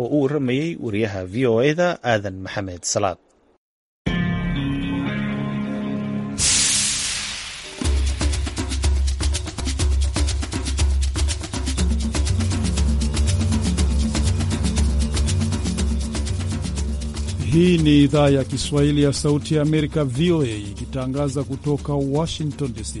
oo uu waramayay wariyaha v o eda da aadan maxamed salaad Hii ni idhaa ya Kiswahili ya Sauti ya Amerika, VOA, ikitangaza kutoka Washington DC.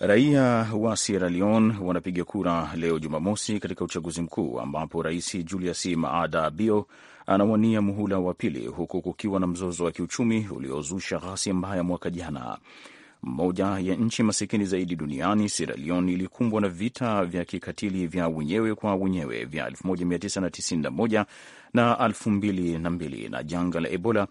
Raia wa Sierra Leone wanapiga kura leo Jumamosi katika uchaguzi mkuu ambapo rais Julius Maada Bio anawania muhula wa pili huku kukiwa na mzozo wa kiuchumi uliozusha ghasia mbaya mwaka jana. Moja ya nchi masikini zaidi duniani, Sierra Leone ilikumbwa na vita vya kikatili vya wenyewe kwa wenyewe vya 1991 na 2002 na janga la Ebola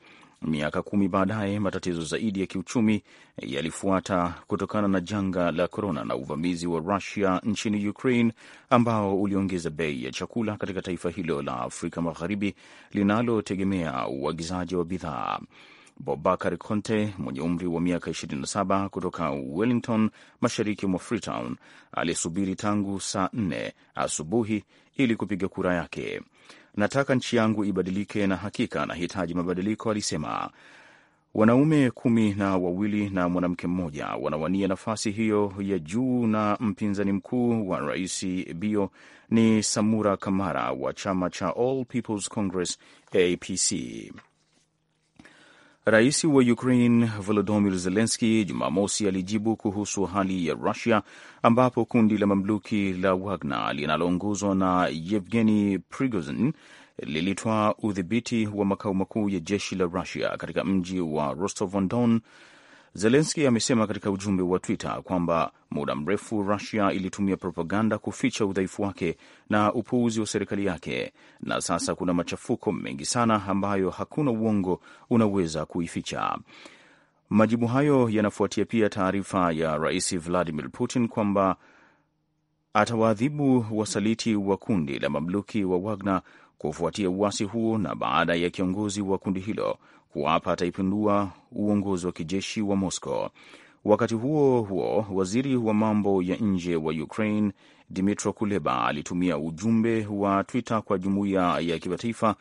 Miaka kumi baadaye, matatizo zaidi ya kiuchumi yalifuata kutokana na janga la korona na uvamizi wa Rusia nchini Ukraine ambao uliongeza bei ya chakula katika taifa hilo la Afrika Magharibi linalotegemea uagizaji wa bidhaa. Bobakar Conte mwenye umri wa miaka 27 kutoka Wellington, mashariki mwa Freetown, alisubiri tangu saa 4 asubuhi ili kupiga kura yake. Nataka nchi yangu ibadilike, na hakika nahitaji mabadiliko, alisema. Wanaume kumi na wawili na mwanamke mmoja wanawania nafasi hiyo ya juu, na mpinzani mkuu wa rais Bio ni Samura Kamara wa chama cha All People's Congress, APC. Rais wa Ukraine Volodymyr Zelensky Jumamosi alijibu kuhusu hali ya Rusia, ambapo kundi la mamluki la Wagner linaloongozwa na Yevgeny Prigozhin lilitwaa udhibiti wa makao makuu ya jeshi la Rusia katika mji wa Rostov on Don Zelenski amesema katika ujumbe wa Twitter kwamba muda mrefu Rusia ilitumia propaganda kuficha udhaifu wake na upuuzi wa serikali yake, na sasa kuna machafuko mengi sana ambayo hakuna uongo unaweza kuificha. Majibu hayo yanafuatia pia taarifa ya Rais Vladimir Putin kwamba atawaadhibu wasaliti wa kundi la mamluki wa Wagner kufuatia uasi huo na baada ya kiongozi wa kundi hilo kuapa ataipindua uongozi wa kijeshi wa Moscow. Wakati huo huo, waziri wa mambo ya nje wa Ukraine Dmytro Kuleba alitumia ujumbe wa Twitter kwa jumuiya ya kimataifa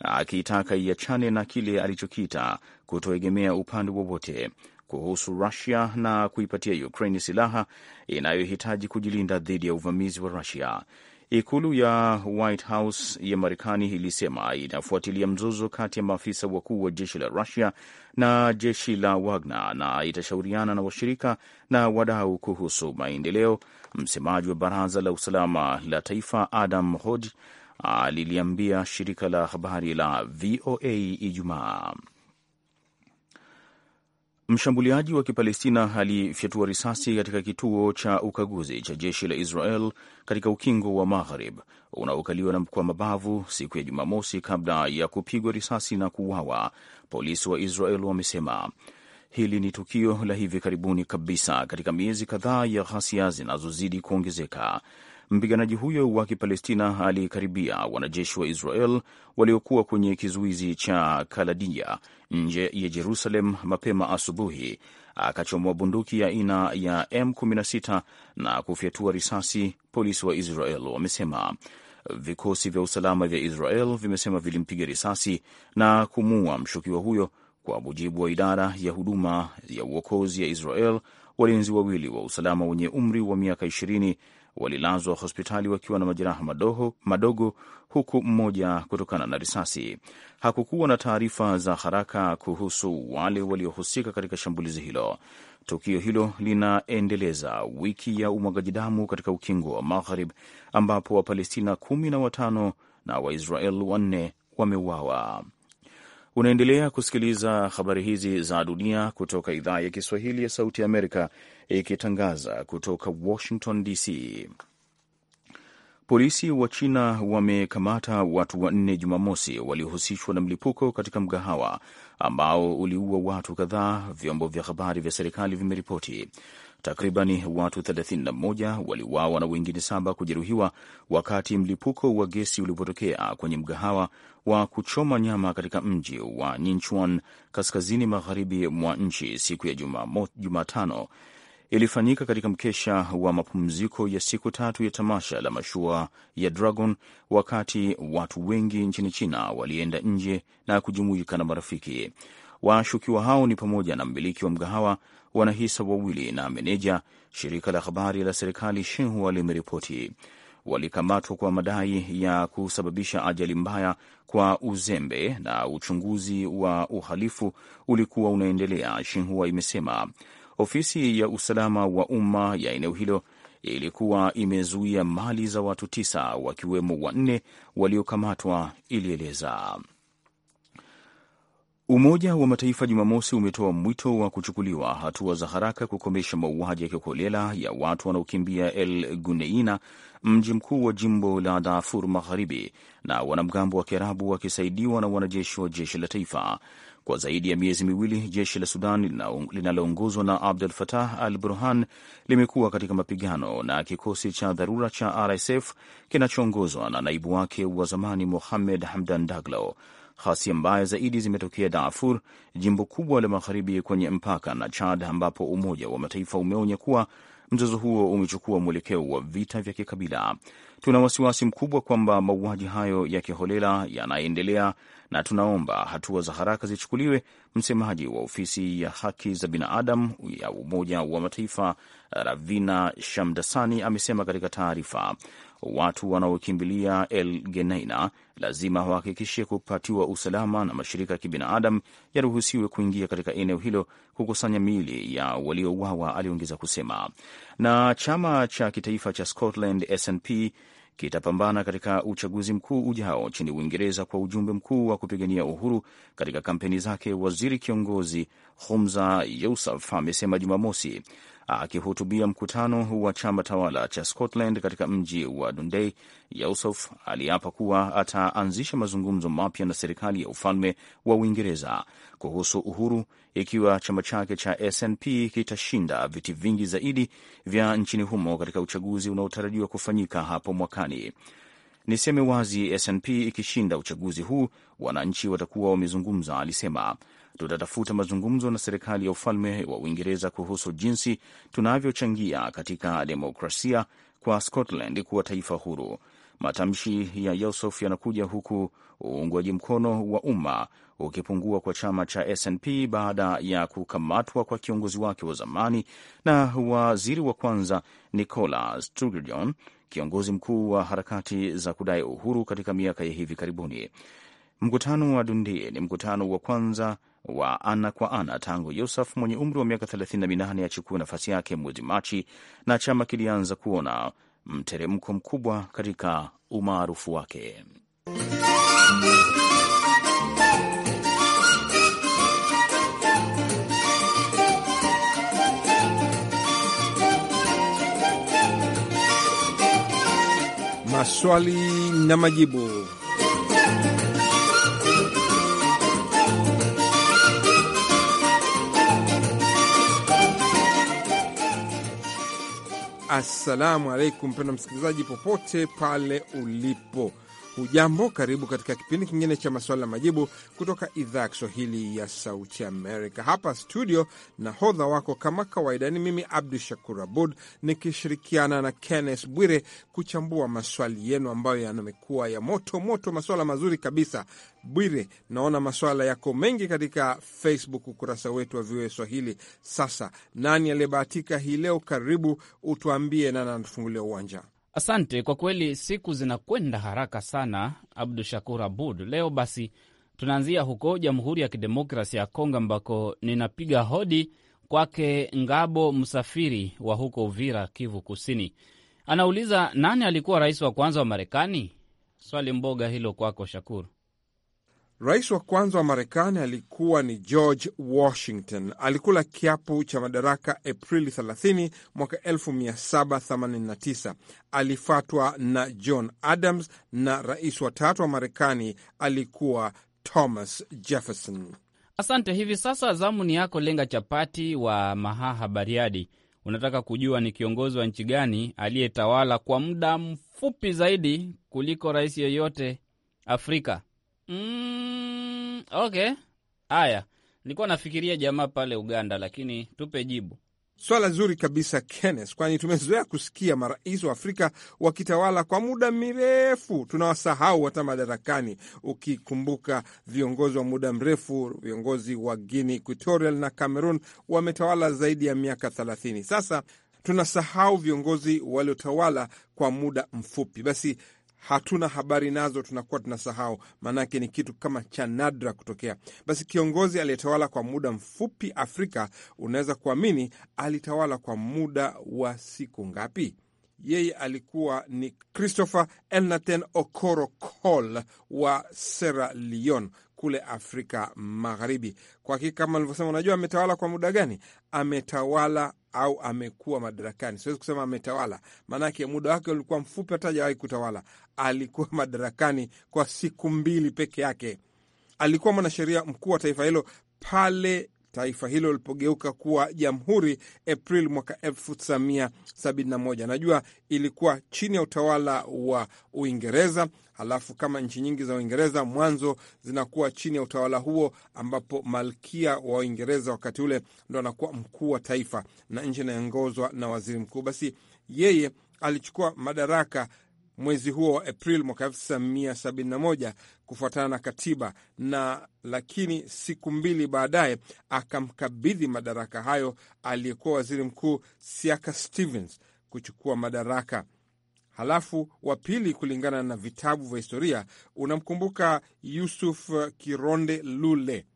akiitaka iachane na kile alichokiita kutoegemea upande wowote kuhusu Rusia na kuipatia Ukraine silaha inayohitaji kujilinda dhidi ya uvamizi wa Rusia. Ikulu ya White House ya Marekani ilisema inafuatilia mzozo kati ya maafisa wakuu wa jeshi la Rusia na jeshi la Wagner na itashauriana na washirika na wadau kuhusu maendeleo. Msemaji wa Baraza la Usalama la Taifa Adam Hodge aliliambia shirika la habari la VOA Ijumaa. Mshambuliaji wa Kipalestina alifyatua risasi katika kituo cha ukaguzi cha jeshi la Israel katika ukingo wa Magharib unaokaliwa kwa mabavu siku ya Jumamosi kabla ya kupigwa risasi na kuuawa, polisi wa Israel wamesema. Hili ni tukio la hivi karibuni kabisa katika miezi kadhaa ya ghasia zinazozidi kuongezeka. Mpiganaji huyo wa Kipalestina alikaribia wanajeshi wa Israel waliokuwa kwenye kizuizi cha Kaladia nje ya Jerusalem mapema asubuhi, akachomoa bunduki ya aina ya M16 na kufyatua risasi, polisi wa Israel wamesema. Vikosi vya usalama vya Israel vimesema vilimpiga risasi na kumuua mshukiwa huyo, kwa mujibu wa idara ya huduma ya uokozi ya Israel. Walinzi wawili wa usalama wenye umri wa miaka ishirini walilazwa hospitali wakiwa na majeraha madogo, madogo huku mmoja kutokana na risasi. Hakukuwa na taarifa za haraka kuhusu wale waliohusika katika shambulizi hilo. Tukio hilo linaendeleza wiki ya umwagaji damu katika ukingo wa Magharib ambapo Wapalestina kumi na watano na Waisrael wanne wameuawa. Unaendelea kusikiliza habari hizi za dunia kutoka idhaa ya Kiswahili ya Sauti ya Amerika ikitangaza kutoka Washington DC. Polisi wa China wamekamata watu wanne Jumamosi waliohusishwa na mlipuko katika mgahawa ambao uliua watu kadhaa, vyombo vya habari vya serikali vimeripoti. Takribani watu 31 waliuawa na wengine saba kujeruhiwa wakati mlipuko wa gesi ulipotokea kwenye mgahawa wa kuchoma nyama katika mji wa Ninchuan kaskazini magharibi mwa nchi siku ya Jumatano, ilifanyika katika mkesha wa mapumziko ya siku tatu ya tamasha la mashua ya Dragon, wakati watu wengi nchini China walienda nje na kujumuika na marafiki. Washukiwa hao ni pamoja na mmiliki wa mgahawa, wanahisa wawili na meneja, shirika la habari la serikali Shinhua limeripoti. Walikamatwa kwa madai ya kusababisha ajali mbaya kwa uzembe na uchunguzi wa uhalifu ulikuwa unaendelea, Shinhua imesema. Ofisi ya usalama wa umma ya eneo hilo ilikuwa imezuia mali za watu tisa wakiwemo wanne waliokamatwa, ilieleza. Umoja wa Mataifa Jumamosi umetoa mwito wa kuchukuliwa hatua za haraka kukomesha mauaji ya kikolela ya watu wanaokimbia El Guneina, mji mkuu wa jimbo la Darfur Magharibi, na wanamgambo wa Kiarabu wakisaidiwa na wanajeshi wa jeshi la taifa. Kwa zaidi ya miezi miwili jeshi la Sudan linaloongozwa na Abdul Fatah al Burhan limekuwa katika mapigano na kikosi cha dharura cha RSF kinachoongozwa na naibu wake wa zamani Mohamed Hamdan Daglo. Ghasia mbaya zaidi zimetokea Darfur, jimbo kubwa la magharibi kwenye mpaka na Chad, ambapo Umoja wa Mataifa umeonya kuwa mzozo huo umechukua mwelekeo wa vita vya kikabila. Tuna wasiwasi mkubwa kwamba mauaji hayo ya kiholela yanaendelea na tunaomba hatua za haraka zichukuliwe, msemaji wa ofisi ya haki za binadamu ya Umoja wa Mataifa Ravina Shamdasani amesema katika taarifa watu wanaokimbilia El Geneina lazima wahakikishe kupatiwa usalama na mashirika ya kibinadamu yaruhusiwe kuingia katika eneo hilo kukusanya miili ya waliouawa, aliongeza kusema. Na chama cha kitaifa cha Scotland SNP kitapambana katika uchaguzi mkuu ujao nchini Uingereza kwa ujumbe mkuu wa kupigania uhuru katika kampeni zake. Waziri kiongozi Humza Yousaf amesema Jumamosi Akihutubia mkutano wa chama tawala cha Scotland katika mji wa Dundee, Yusuf aliapa kuwa ataanzisha mazungumzo mapya na serikali ya ufalme wa Uingereza kuhusu uhuru ikiwa chama chake cha SNP kitashinda viti vingi zaidi vya nchini humo katika uchaguzi unaotarajiwa kufanyika hapo mwakani. Niseme wazi, SNP ikishinda uchaguzi huu, wananchi watakuwa wamezungumza, alisema tutatafuta mazungumzo na serikali ya ufalme wa Uingereza kuhusu jinsi tunavyochangia katika demokrasia kwa Scotland kuwa taifa huru. Matamshi ya Yosof yanakuja huku uungwaji mkono wa umma ukipungua kwa chama cha SNP baada ya kukamatwa kwa kiongozi wake wa zamani na waziri wa kwanza Nicola Sturgeon, kiongozi mkuu wa harakati za kudai uhuru katika miaka ya hivi karibuni. Mkutano wa Dundee ni mkutano wa kwanza wa ana kwa ana tangu Yusuf mwenye umri wa miaka 38 achukua nafasi yake mwezi Machi, na chama kilianza kuona mteremko mkubwa katika umaarufu wake. Maswali na majibu. Assalamu alaikum mpendwa msikilizaji, popote pale ulipo. Hujambo, karibu katika kipindi kingine cha maswala na majibu kutoka idhaa ya Kiswahili ya Sauti Amerika. Hapa studio, nahodha wako kama kawaida ni mimi Abdu Shakur Abud nikishirikiana na Kenneth Bwire kuchambua maswali yenu ambayo yamekuwa ya moto moto, maswala mazuri kabisa. Bwire, naona maswala yako mengi katika Facebook, ukurasa wetu wa VOA Swahili. Sasa nani aliyebahatika hii leo? Karibu utuambie, nani anatufungulia uwanja? Asante kwa kweli, siku zinakwenda haraka sana, Abdu Shakur Abud. Leo basi tunaanzia huko Jamhuri ya Kidemokrasia ya Kongo ambako ninapiga hodi kwake Ngabo Msafiri wa huko Uvira, Kivu Kusini. Anauliza, nani alikuwa rais wa kwanza wa Marekani? Swali mboga hilo kwako, Shakuru. Rais wa kwanza wa Marekani alikuwa ni George Washington. Alikula kiapo cha madaraka Aprili 30 mwaka 1789. na John Adams na rais wa tatu wa Marekani alikuwa Thomas Jefferson. Asante. Hivi sasa zamu ni yako, Lenga Chapati wa Mahaha, Bariadi. Unataka kujua ni kiongozi wa nchi gani aliyetawala kwa muda mfupi zaidi kuliko rais yeyote Afrika? Mm, okay. Haya, nilikuwa nafikiria jamaa pale Uganda, lakini tupe jibu. Swala zuri kabisa Kenneth, kwani tumezoea kusikia marais wa Afrika wakitawala kwa muda mirefu, tunawasahau hata madarakani. Ukikumbuka viongozi wa muda mrefu, viongozi wa Guinea Equatorial na Cameroon wametawala zaidi ya miaka thelathini. Sasa tunasahau viongozi waliotawala kwa muda mfupi. Basi hatuna habari nazo, tunakuwa tunasahau, maanake ni kitu kama cha nadra kutokea. Basi kiongozi aliyetawala kwa muda mfupi Afrika, unaweza kuamini alitawala kwa muda wa siku ngapi? Yeye alikuwa ni Christopher Elnathan Okoro Col wa Sierra Leone kule Afrika Magharibi. Kwa hakika kama alivyosema, unajua ametawala kwa muda gani? Ametawala au amekuwa madarakani, siwezi kusema ametawala, maanake muda wake ulikuwa mfupi, hata hajawahi kutawala. Alikuwa madarakani kwa siku mbili peke yake. Alikuwa mwanasheria mkuu wa taifa hilo pale taifa hilo lilipogeuka kuwa jamhuri Aprili mwaka 1971. Najua ilikuwa chini ya utawala wa Uingereza. Halafu kama nchi nyingi za Uingereza mwanzo zinakuwa chini ya utawala huo, ambapo malkia wa Uingereza wakati ule ndo anakuwa mkuu wa taifa na nchi inayoongozwa na waziri mkuu. Basi yeye alichukua madaraka mwezi huo wa Aprili mwaka 1971 kufuatana na katiba na lakini siku mbili baadaye akamkabidhi madaraka hayo aliyekuwa waziri mkuu Siaka Stevens kuchukua madaraka. Halafu wa pili, kulingana na vitabu vya historia, unamkumbuka Yusuf Kironde Lule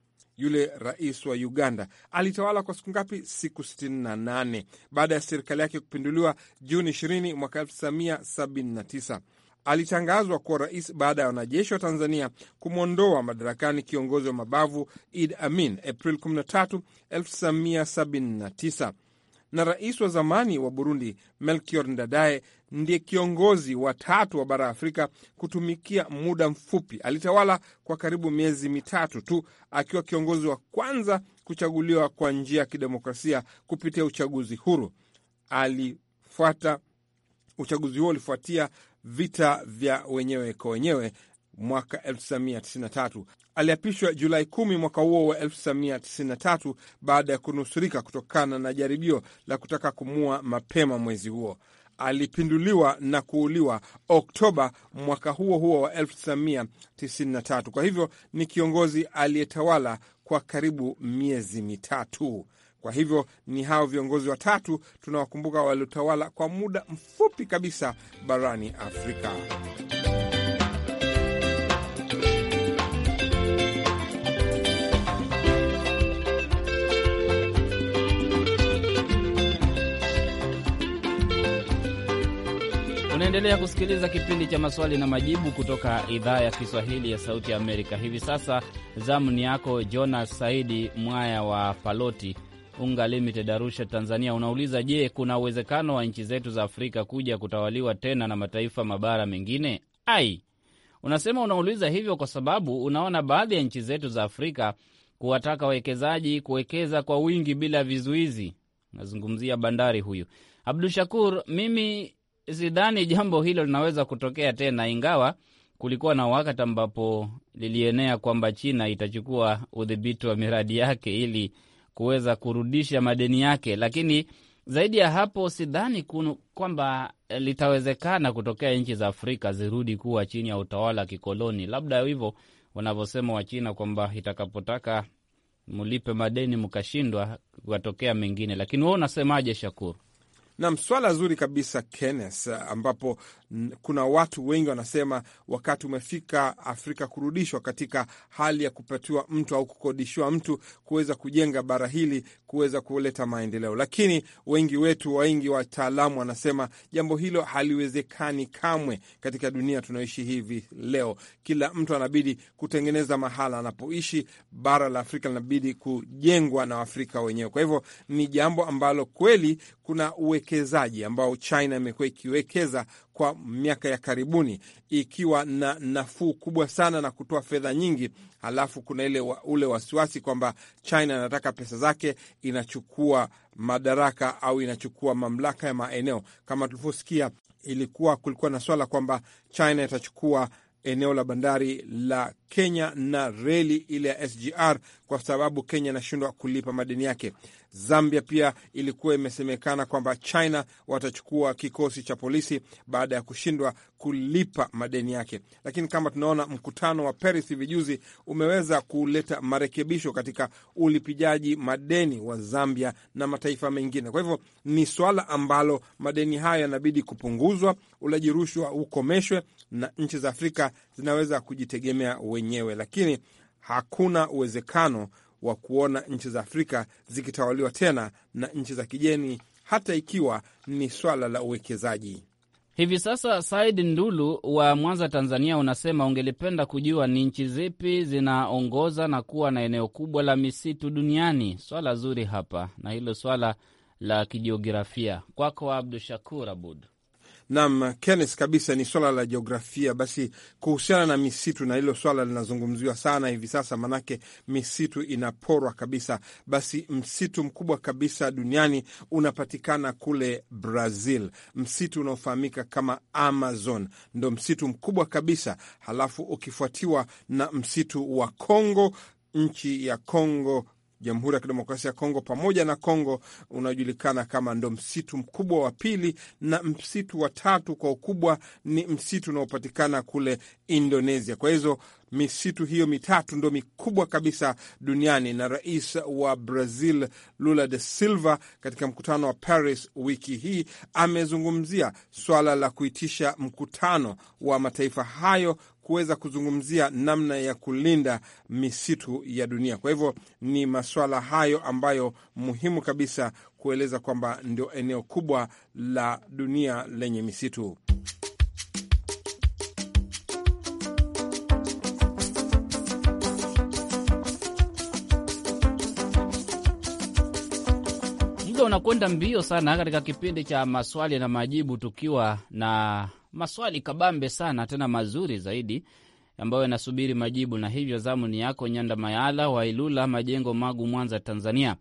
yule rais wa Uganda alitawala kwa siku ngapi? Siku 68 baada ya serikali yake kupinduliwa Juni 20 mwaka 1979. Alitangazwa kuwa rais baada ya wanajeshi wa Tanzania kumwondoa madarakani kiongozi wa mabavu Idi Amin April 13, 1979 na rais wa zamani wa Burundi Melchior Ndadaye ndiye kiongozi wa tatu wa bara Afrika kutumikia muda mfupi. Alitawala kwa karibu miezi mitatu tu akiwa kiongozi wa kwanza kuchaguliwa kwa njia ya kidemokrasia kupitia uchaguzi huru. Alifuata uchaguzi huo ulifuatia vita vya wenyewe kwa wenyewe mwaka 1993. Aliapishwa Julai 10 mwaka huo wa 1993 baada ya kunusurika kutokana na jaribio la kutaka kumua mapema mwezi huo. Alipinduliwa na kuuliwa Oktoba mwaka huo huo wa 1993. Kwa hivyo ni kiongozi aliyetawala kwa karibu miezi mitatu. Kwa hivyo ni hao viongozi watatu tunawakumbuka waliotawala kwa muda mfupi kabisa barani Afrika. Unaendelea kusikiliza kipindi cha maswali na majibu kutoka idhaa ya Kiswahili ya Sauti ya Amerika. Hivi sasa zamu ni yako Jonas Saidi Mwaya wa Paloti Unga Limited, Arusha, Tanzania. Unauliza, je, kuna uwezekano wa nchi zetu za Afrika kuja kutawaliwa tena na mataifa mabara mengine? Ai, unasema unauliza hivyo kwa sababu unaona baadhi ya nchi zetu za Afrika kuwataka wawekezaji kuwekeza kwa wingi bila vizuizi. Nazungumzia bandari huyu. shakur mimi sidhani jambo hilo linaweza kutokea tena, ingawa kulikuwa na wakati ambapo lilienea kwamba China itachukua udhibiti wa miradi yake ili kuweza kurudisha madeni yake, lakini zaidi ya hapo sidhani kwamba litawezekana kutokea nchi za Afrika zirudi kuwa chini ya utawala wa kikoloni, labda hivyo wanavyosema Wachina kwamba itakapotaka mlipe madeni mkashindwa, watokea mengine. Lakini wewe unasemaje, Shakuru? Nam, swala zuri kabisa Kenneth, ambapo kuna watu wengi wanasema wakati umefika Afrika kurudishwa katika hali ya kupatiwa mtu au kukodishiwa mtu kuweza kujenga bara hili kuweza kuleta maendeleo, lakini wengi wetu, wengi wataalamu wanasema jambo hilo haliwezekani kamwe katika dunia tunaoishi hivi leo. Kila mtu anabidi kutengeneza mahala anapoishi. Bara la Afrika linabidi kujengwa na Waafrika wenyewe. Kwa hivyo ni jambo ambalo kweli kuna uweke uwekezaji ambao China imekuwa ikiwekeza kwa miaka ya karibuni ikiwa na nafuu kubwa sana na kutoa fedha nyingi. Halafu kuna ile wa, ule wasiwasi kwamba China inataka pesa zake, inachukua madaraka au inachukua mamlaka ya maeneo. Kama tulivyosikia, ilikuwa kulikuwa na swala kwamba China itachukua eneo la bandari la Kenya na reli ile ya SGR kwa sababu Kenya inashindwa kulipa madeni yake. Zambia pia ilikuwa imesemekana kwamba China watachukua kikosi cha polisi baada ya kushindwa kulipa madeni yake, lakini kama tunaona mkutano wa Paris hivi juzi umeweza kuleta marekebisho katika ulipijaji madeni wa Zambia na mataifa mengine. Kwa hivyo ni swala ambalo madeni hayo yanabidi kupunguzwa, ulaji rushwa ukomeshwe, na nchi za Afrika zinaweza kujitegemea wenyewe, lakini hakuna uwezekano wa kuona nchi za Afrika zikitawaliwa tena na nchi za kigeni, hata ikiwa ni swala la uwekezaji. Hivi sasa, Said Ndulu wa Mwanza, Tanzania, unasema ungelipenda kujua ni nchi zipi zinaongoza na kuwa na eneo kubwa la misitu duniani. Swala zuri hapa, na hilo swala la kijiografia. Kwako Abdu Shakur Abud. Nam Kenneth, kabisa ni swala la jiografia. Basi kuhusiana na misitu, na hilo swala linazungumziwa sana hivi sasa, manake misitu inaporwa kabisa. Basi msitu mkubwa kabisa duniani unapatikana kule Brazil, msitu unaofahamika kama Amazon ndo msitu mkubwa kabisa, halafu ukifuatiwa na msitu wa congo nchi ya Kongo Jamhuri ya Kidemokrasia ya Kongo pamoja na Kongo unaojulikana kama ndo msitu mkubwa wa pili na msitu wa tatu kwa ukubwa ni msitu unaopatikana kule Indonesia. Kwa hizo Misitu hiyo mitatu ndo mikubwa kabisa duniani. Na rais wa Brazil Lula de Silva katika mkutano wa Paris wiki hii amezungumzia swala la kuitisha mkutano wa mataifa hayo kuweza kuzungumzia namna ya kulinda misitu ya dunia. Kwa hivyo ni masuala hayo ambayo muhimu kabisa kueleza kwamba ndio eneo kubwa la dunia lenye misitu. muda unakwenda mbio sana katika kipindi cha maswali na majibu, tukiwa na maswali kabambe sana tena mazuri zaidi ambayo yanasubiri majibu, na hivyo zamu ni yako Nyanda Mayala wa Ilula Majengo, Magu, Mwanza, Tanzania.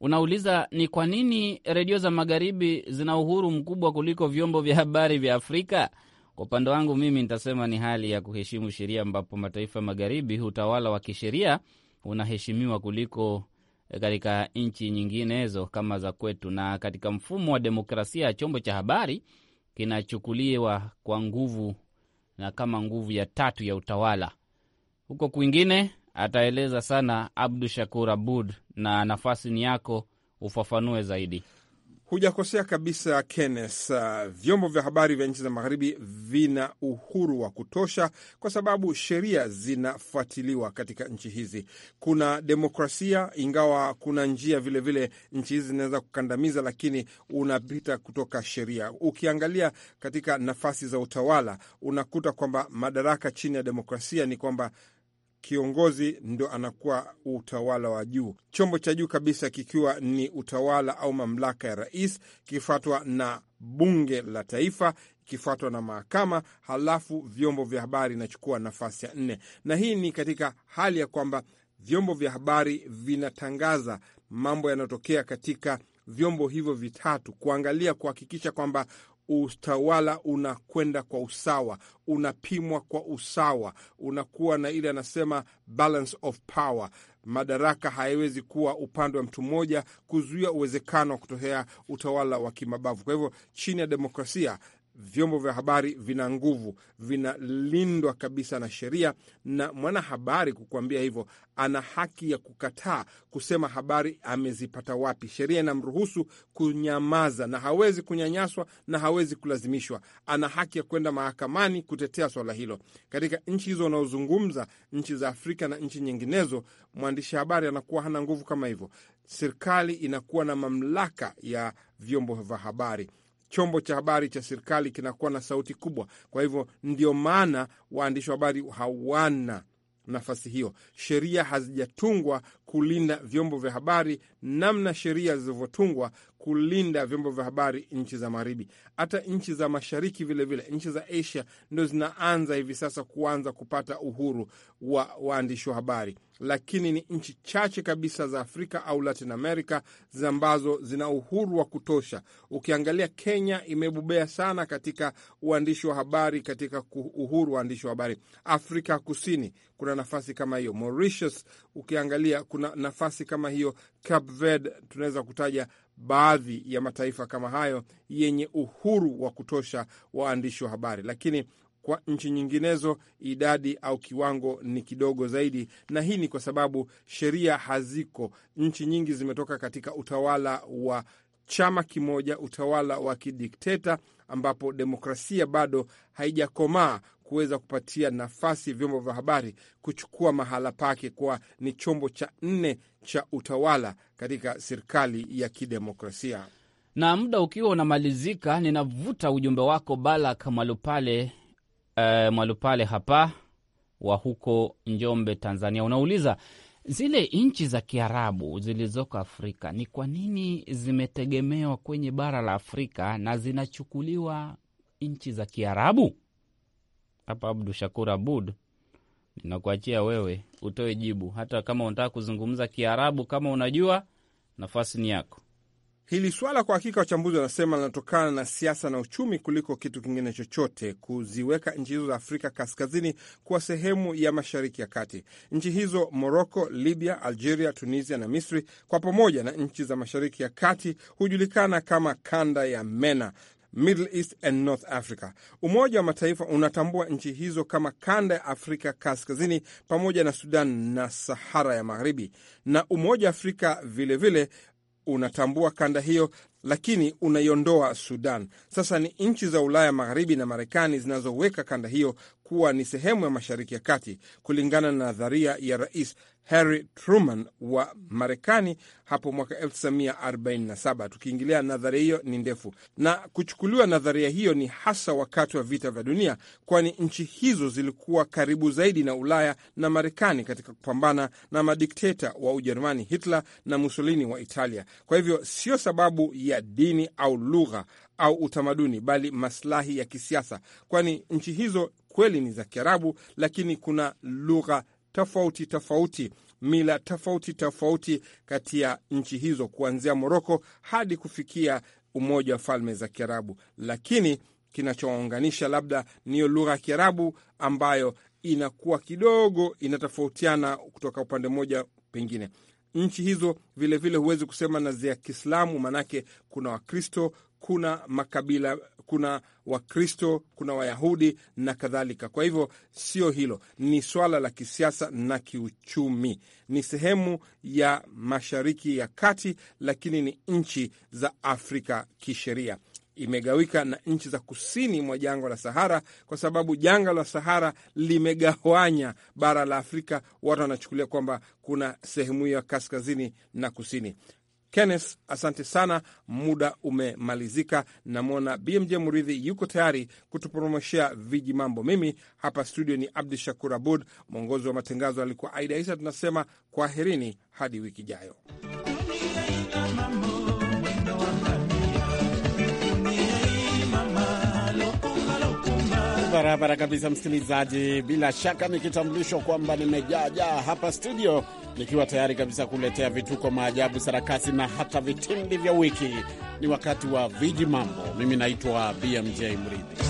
Unauliza, ni kwa nini redio za magharibi zina uhuru mkubwa kuliko vyombo vya habari vya Afrika? Kwa upande wangu mimi nitasema ni hali ya kuheshimu sheria, ambapo mataifa magharibi utawala wa kisheria unaheshimiwa kuliko katika nchi nyinginezo kama za kwetu. Na katika mfumo wa demokrasia ya chombo cha habari kinachukuliwa kwa nguvu na kama nguvu ya tatu ya utawala. Huko kwingine ataeleza sana Abdu Shakur Abud, na nafasi ni yako, ufafanue zaidi. Hujakosea kabisa Kennes. Uh, vyombo vya habari vya nchi za magharibi vina uhuru wa kutosha, kwa sababu sheria zinafuatiliwa katika nchi hizi. Kuna demokrasia, ingawa kuna njia vilevile vile nchi hizi zinaweza kukandamiza, lakini unapita kutoka sheria. Ukiangalia katika nafasi za utawala, unakuta kwamba madaraka chini ya demokrasia ni kwamba kiongozi ndo anakuwa utawala wa juu, chombo cha juu kabisa kikiwa ni utawala au mamlaka ya rais, kikifuatwa na bunge la taifa, ikifuatwa na mahakama, halafu vyombo vya habari inachukua nafasi ya nne. Na hii ni katika hali ya kwamba vyombo vya habari vinatangaza mambo yanayotokea katika vyombo hivyo vitatu, kuangalia kuhakikisha kwamba utawala unakwenda kwa usawa, unapimwa kwa usawa, unakuwa na ile anasema balance of power. Madaraka hayawezi kuwa upande wa mtu mmoja, kuzuia uwezekano wa kutokea utawala wa kimabavu. Kwa hivyo, chini ya demokrasia vyombo vya habari vina nguvu, vinalindwa kabisa na sheria, na mwanahabari kukuambia hivyo, ana haki ya kukataa kusema habari amezipata wapi. Sheria inamruhusu kunyamaza, na hawezi kunyanyaswa na hawezi kulazimishwa. Ana haki ya kwenda mahakamani kutetea swala hilo. Katika nchi hizo unaozungumza, nchi za Afrika na nchi nyinginezo, mwandishi habari anakuwa hana nguvu kama hivyo. Serikali inakuwa na mamlaka ya vyombo vya habari chombo cha habari cha serikali kinakuwa na sauti kubwa. Kwa hivyo ndio maana waandishi wa habari hawana nafasi hiyo. Sheria hazijatungwa kulinda vyombo vya habari namna sheria zilivyotungwa kulinda vyombo vya habari nchi za magharibi, hata nchi za mashariki vilevile vile. Nchi za Asia ndo zinaanza hivi sasa kuanza kupata uhuru wa waandishi wa habari, lakini ni nchi chache kabisa za Afrika au Latin America ambazo zina uhuru wa kutosha. Ukiangalia Kenya imebobea sana katika uandishi wa habari, katika uhuru waandishi wa habari. Afrika Kusini kuna nafasi kama hiyo, Mauritius ukiangalia kuna nafasi kama hiyo, Cape Verde tunaweza kutaja baadhi ya mataifa kama hayo yenye uhuru wa kutosha waandishi wa habari, lakini kwa nchi nyinginezo idadi au kiwango ni kidogo zaidi, na hii ni kwa sababu sheria haziko. Nchi nyingi zimetoka katika utawala wa chama kimoja, utawala wa kidikteta ambapo demokrasia bado haijakomaa kuweza kupatia nafasi vyombo vya habari kuchukua mahala pake, kuwa ni chombo cha nne cha utawala katika serikali ya kidemokrasia. Na muda ukiwa unamalizika, ninavuta ujumbe wako Balak Mwalupale, Uh, Mwalupale hapa wa huko Njombe, Tanzania, unauliza zile nchi za Kiarabu zilizoko Afrika ni kwa nini zimetegemewa kwenye bara la Afrika na zinachukuliwa nchi za Kiarabu? Hapa Abdu Shakur Abud, ninakuachia wewe utoe jibu, hata kama unataka kuzungumza Kiarabu kama unajua, nafasi ni yako. Hili swala kwa hakika wachambuzi wanasema linatokana na siasa na uchumi kuliko kitu kingine chochote, kuziweka nchi hizo za Afrika kaskazini kuwa sehemu ya mashariki ya kati. Nchi hizo Moroko, Libya, Algeria, Tunisia na Misri kwa pamoja na nchi za mashariki ya kati hujulikana kama kanda ya MENA, Middle East and North Africa. Umoja wa Mataifa unatambua nchi hizo kama kanda ya Afrika kaskazini pamoja na Sudan na Sahara ya Magharibi, na Umoja wa Afrika vilevile unatambua kanda hiyo lakini unaiondoa Sudan. Sasa ni nchi za Ulaya Magharibi na Marekani zinazoweka kanda hiyo kuwa ni sehemu ya Mashariki ya Kati kulingana na nadharia ya Rais Harry Truman wa Marekani hapo mwaka 1947. Tukiingilia nadharia hiyo ni ndefu, na kuchukuliwa nadharia hiyo ni hasa wakati wa vita vya dunia, kwani nchi hizo zilikuwa karibu zaidi na Ulaya na Marekani katika kupambana na madikteta wa Ujerumani, Hitler na Mussolini wa Italia. Kwa hivyo sio sababu ya dini au lugha au utamaduni, bali maslahi ya kisiasa, kwani nchi hizo kweli ni za Kiarabu, lakini kuna lugha tofauti tofauti, mila tofauti tofauti kati ya nchi hizo, kuanzia Moroko hadi kufikia Umoja wa Falme za Kiarabu, lakini kinachowaunganisha labda niyo lugha ya Kiarabu ambayo inakuwa kidogo inatofautiana kutoka upande mmoja pengine nchi hizo vilevile, huwezi kusema na za Kiislamu, maanake kuna Wakristo, kuna makabila kuna Wakristo, kuna Wayahudi na kadhalika. Kwa hivyo sio hilo, ni swala la kisiasa na kiuchumi. Ni sehemu ya Mashariki ya Kati, lakini ni nchi za Afrika kisheria imegawika na nchi za kusini mwa jangwa la Sahara kwa sababu jangwa la Sahara limegawanya bara la Afrika. Watu wanachukulia kwamba kuna sehemu hiyo ya kaskazini na kusini. Kenneth, asante sana, muda umemalizika. Namwona BMJ Muridhi yuko tayari kutupromoshea viji mambo. Mimi hapa studio ni Abdu Shakur Abud, mwongozi wa matangazo alikuwa Aida Isa. Tunasema kwaherini hadi wiki ijayo. barabara kabisa, msikilizaji. Bila shaka ni kitambulisho kwamba nimejaajaa hapa studio nikiwa tayari kabisa kuletea vituko, maajabu, sarakasi na hata vitimbi vya wiki. Ni wakati wa viji mambo. Mimi naitwa BMJ Mridhi.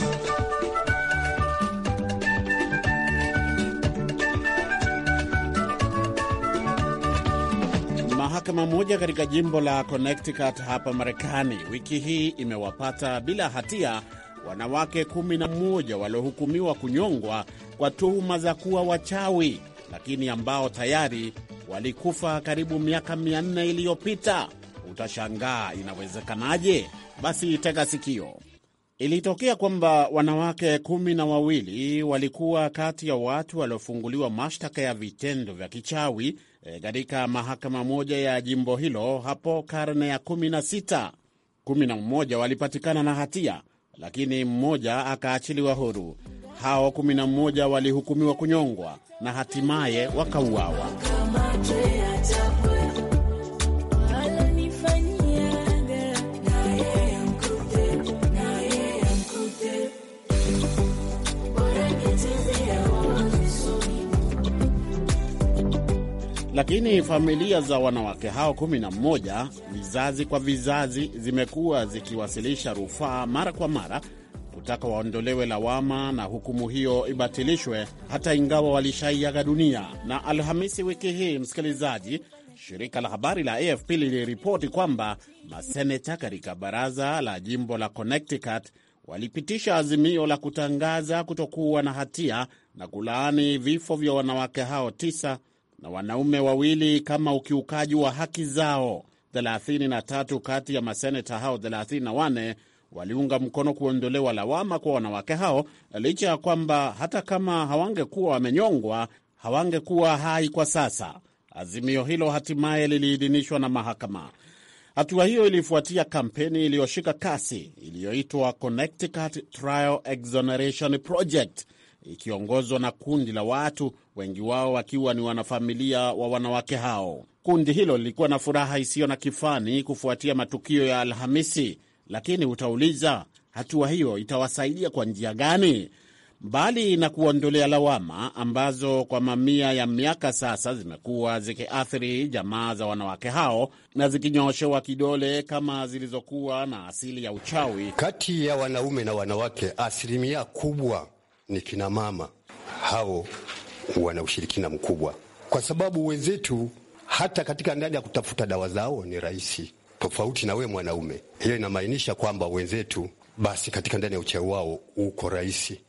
Mahakama moja katika jimbo la Connecticut hapa Marekani wiki hii imewapata bila hatia wanawake 11 waliohukumiwa kunyongwa kwa tuhuma za kuwa wachawi, lakini ambao tayari walikufa karibu miaka 400 iliyopita. Utashangaa inawezekanaje? Basi tega sikio. Ilitokea kwamba wanawake kumi na wawili walikuwa kati ya watu waliofunguliwa mashtaka ya vitendo vya kichawi eh, katika e, mahakama moja ya jimbo hilo hapo karne ya 16. 11 walipatikana na hatia lakini mmoja akaachiliwa huru. Hao mmoja walihukumiwa kunyongwa na hatimaye wakauawa. Lakini familia za wanawake hao 11 vizazi kwa vizazi zimekuwa zikiwasilisha rufaa mara kwa mara kutaka waondolewe lawama na hukumu hiyo ibatilishwe hata ingawa walishaiaga dunia. Na Alhamisi wiki hii, msikilizaji, shirika la habari la AFP liliripoti kwamba maseneta katika baraza la jimbo la Connecticut walipitisha azimio la kutangaza kutokuwa na hatia na kulaani vifo vya wanawake hao tisa na wanaume wawili kama ukiukaji wa haki zao. 33 kati ya maseneta hao 34 waliunga mkono kuondolewa lawama kwa wanawake hao, licha ya kwamba hata kama hawangekuwa wamenyongwa hawangekuwa hai kwa sasa. Azimio hilo hatimaye liliidhinishwa na mahakama. Hatua hiyo ilifuatia kampeni iliyoshika kasi iliyoitwa Connecticut Trial Exoneration Project ikiongozwa na kundi la watu, wengi wao wakiwa ni wanafamilia wa wanawake hao. Kundi hilo lilikuwa na furaha isiyo na kifani kufuatia matukio ya Alhamisi, lakini utauliza hatua hiyo itawasaidia kwa njia gani? Mbali na kuondolea lawama ambazo kwa mamia ya miaka sasa zimekuwa zikiathiri jamaa za wanawake hao na zikinyooshewa kidole kama zilizokuwa na asili ya uchawi. Kati ya wanaume na wanawake, asilimia kubwa ni kina mama hao wana ushirikina mkubwa, kwa sababu wenzetu hata katika ndani ya kutafuta dawa zao ni rahisi, tofauti na we mwanaume. Hiyo inamaanisha kwamba wenzetu basi katika ndani ya uchawi wao uko rahisi.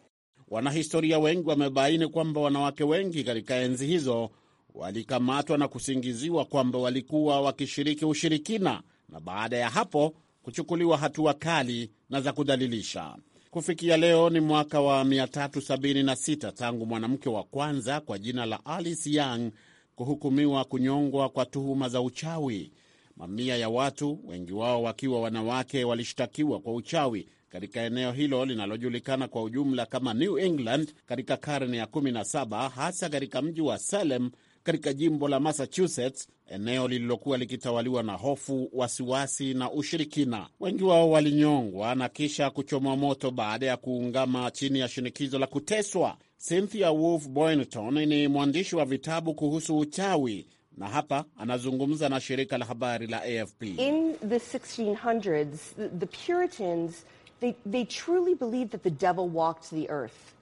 Wanahistoria wengi wamebaini kwamba wanawake wengi katika enzi hizo walikamatwa na kusingiziwa kwamba walikuwa wakishiriki ushirikina, na baada ya hapo kuchukuliwa hatua kali na za kudhalilisha. Kufikia leo ni mwaka wa 376 tangu mwanamke wa kwanza kwa jina la Alice Young kuhukumiwa kunyongwa kwa tuhuma za uchawi. Mamia ya watu, wengi wao wakiwa wanawake, walishtakiwa kwa uchawi katika eneo hilo linalojulikana kwa ujumla kama New England katika karne ya 17, hasa katika mji wa Salem katika jimbo la Massachusetts eneo lililokuwa likitawaliwa na hofu, wasiwasi na ushirikina. Wengi wao walinyongwa na kisha kuchomwa moto baada ya kuungama chini ya shinikizo la kuteswa. Cynthia Wolf Boynton ni mwandishi wa vitabu kuhusu uchawi na hapa anazungumza na shirika la habari la AFP. In the 1600s, the Puritans, they, they truly believed that the devil walked the earth.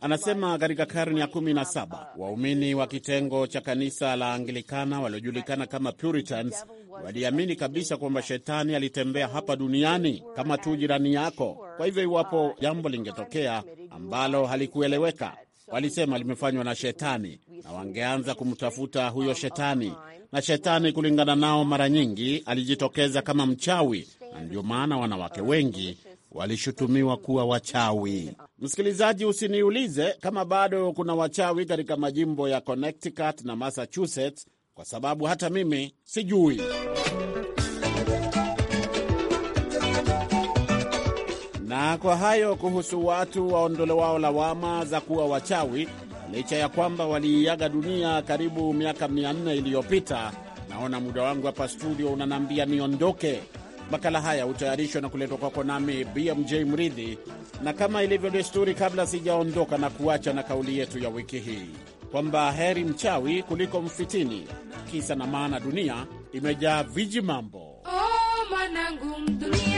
Anasema katika karne ya 17 uh, waumini wa kitengo cha kanisa la Anglikana waliojulikana kama Puritans waliamini kabisa kwamba shetani alitembea hapa duniani kama tu jirani yako. Kwa hivyo, iwapo uh, jambo lingetokea ambalo halikueleweka, walisema limefanywa na shetani, na wangeanza kumtafuta huyo shetani. Na shetani, kulingana nao, mara nyingi alijitokeza kama mchawi, na ndio maana wanawake uh, wengi walishutumiwa kuwa wachawi. Msikilizaji, usiniulize kama bado kuna wachawi katika majimbo ya Connecticut na Massachusetts kwa sababu hata mimi sijui. Na kwa hayo kuhusu watu waondolewao lawama za kuwa wachawi, licha ya kwamba waliiaga dunia karibu miaka 400 iliyopita. Naona muda wangu hapa studio unanaambia niondoke. Makala haya hutayarishwa na kuletwa kwako nami BMJ Mridhi, na kama ilivyo desturi, kabla sijaondoka na kuacha na kauli yetu ya wiki hii kwamba heri mchawi kuliko mfitini. Kisa na maana, dunia imejaa viji mambo. Oh,